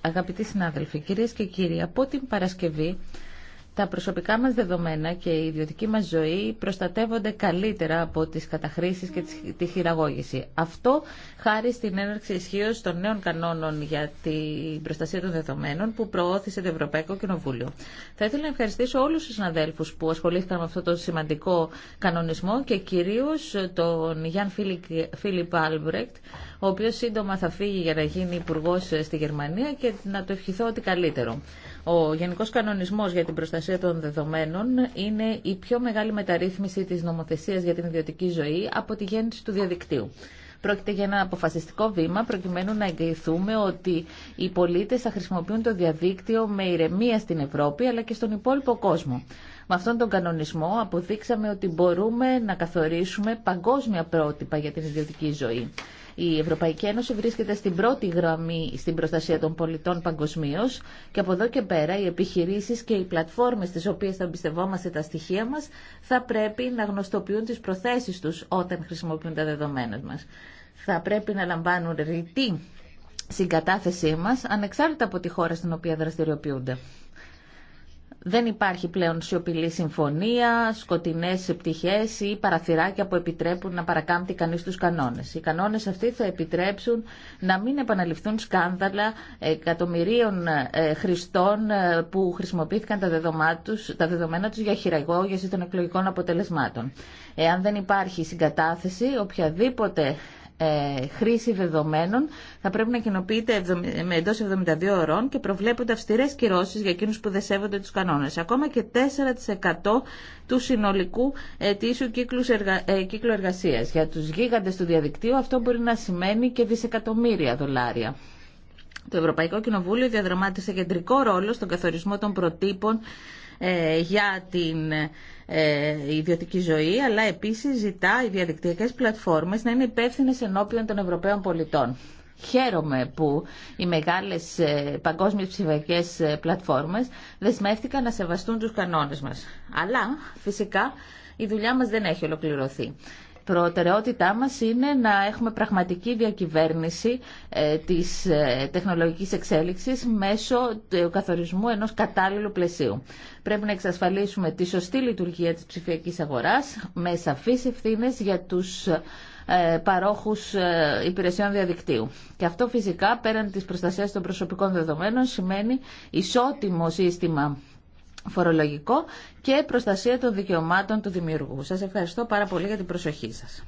Αγαπητοί συνάδελφοι, κυρίες και κύριοι, από την Παρασκευή τα προσωπικά μας δεδομένα και η ιδιωτική μας ζωή προστατεύονται καλύτερα από τις καταχρήσεις και τη χειραγώγηση. Αυτό χάρη στην έναρξη ισχύω των νέων κανόνων για την προστασία των δεδομένων που προώθησε το Ευρωπαϊκό Κοινοβούλιο. Θα ήθελα να ευχαριστήσω όλους τους συναδέλφους που ασχολήθηκαν με αυτό το σημαντικό κανονισμό και κυρίως τον Γιάνν Φίλιπ Άλμπρεκτ ο οποίο σύντομα θα φύγει για να γίνει υπουργό στη Γερμανία και να το ευχηθώ ότι καλύτερο. Ο Γενικό Κανονισμός για την Προστασία των Δεδομένων είναι η πιο μεγάλη μεταρρύθμιση τη νομοθεσία για την ιδιωτική ζωή από τη γέννηση του διαδικτύου. Πρόκειται για ένα αποφασιστικό βήμα προκειμένου να εγγυηθούμε ότι οι πολίτε θα χρησιμοποιούν το διαδίκτυο με ηρεμία στην Ευρώπη αλλά και στον υπόλοιπο κόσμο. Με αυτόν τον κανονισμό αποδείξαμε ότι μπορούμε να καθορίσουμε παγκόσμια πρότυπα για την ιδιωτική ζωή. Η Ευρωπαϊκή Ένωση βρίσκεται στην πρώτη γραμμή στην προστασία των πολιτών παγκοσμίω και από εδώ και πέρα οι επιχειρήσεις και οι πλατφόρμες στις οποίες θα εμπιστευόμαστε τα στοιχεία μας θα πρέπει να γνωστοποιούν τις προθέσεις τους όταν χρησιμοποιούν τα δεδομένα μας. Θα πρέπει να λαμβάνουν ρητή συγκατάθεσή μα, ανεξάρτητα από τη χώρα στην οποία δραστηριοποιούνται. Δεν υπάρχει πλέον σιωπηλή συμφωνία, σκοτεινέ πτυχέ ή παραθυράκια που επιτρέπουν να παρακάμπτει κανεί του κανόνε. Οι κανόνε αυτοί θα επιτρέψουν να μην επαναληφθούν σκάνδαλα εκατομμυρίων ε, χρηστών ε, που χρησιμοποιήθηκαν τα, τους, τα δεδομένα του για χειραγώγηση των εκλογικών αποτελεσμάτων. Εάν δεν υπάρχει συγκατάθεση, οποιαδήποτε ε, χρήση δεδομένων θα πρέπει να κοινοποιείται με εντό 72 ωρών και προβλέπονται αυστηρές κυρώσει για εκείνους που δεν σέβονται τους κανόνες. Ακόμα και 4% του συνολικού ετήσιου ε, κύκλου, εργα... εργασίας. Για τους γίγαντες του διαδικτύου αυτό μπορεί να σημαίνει και δισεκατομμύρια δολάρια. Το Ευρωπαϊκό Κοινοβούλιο διαδραμάτισε κεντρικό ρόλο στον καθορισμό των προτύπων ε, για την ε, ιδιωτική ζωή, αλλά επίσης ζητά οι διαδικτυακές πλατφόρμες να είναι υπεύθυνε ενώπιον των Ευρωπαίων πολιτών. Χαίρομαι που οι μεγάλες ε, παγκόσμιες ψηφιακές πλατφόρμες δεσμεύτηκαν να σεβαστούν τους κανόνες μας. Αλλά φυσικά η δουλειά μας δεν έχει ολοκληρωθεί. Προτεραιότητά μας είναι να έχουμε πραγματική διακυβέρνηση ε, της ε, τεχνολογικής εξέλιξης μέσω του καθορισμού ενός κατάλληλου πλαισίου. Πρέπει να εξασφαλίσουμε τη σωστή λειτουργία της ψηφιακής αγοράς με σαφείς ευθύνε για τους ε, παρόχους υπηρεσιών διαδικτύου. Και αυτό φυσικά πέραν της προστασίας των προσωπικών δεδομένων σημαίνει ισότιμο σύστημα φορολογικό και προστασία των δικαιωμάτων του δημιουργού. Σας ευχαριστώ πάρα πολύ για την προσοχή σας.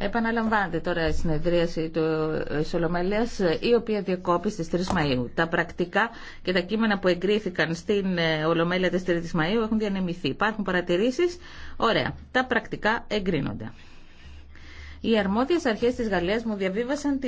Επαναλαμβάνεται τώρα η συνεδρίαση του Ολομέλειας, η οποία διακόπη στι 3 Μαου. Τα πρακτικά και τα κείμενα που εγκρίθηκαν στην ε, Ολομέλεια τη 3 Μαου έχουν διανεμηθεί. Υπάρχουν παρατηρήσει. Ωραία. Τα πρακτικά εγκρίνονται. Οι αρμόδιες αρχές της Γαλλίας μου διαβίβασαν την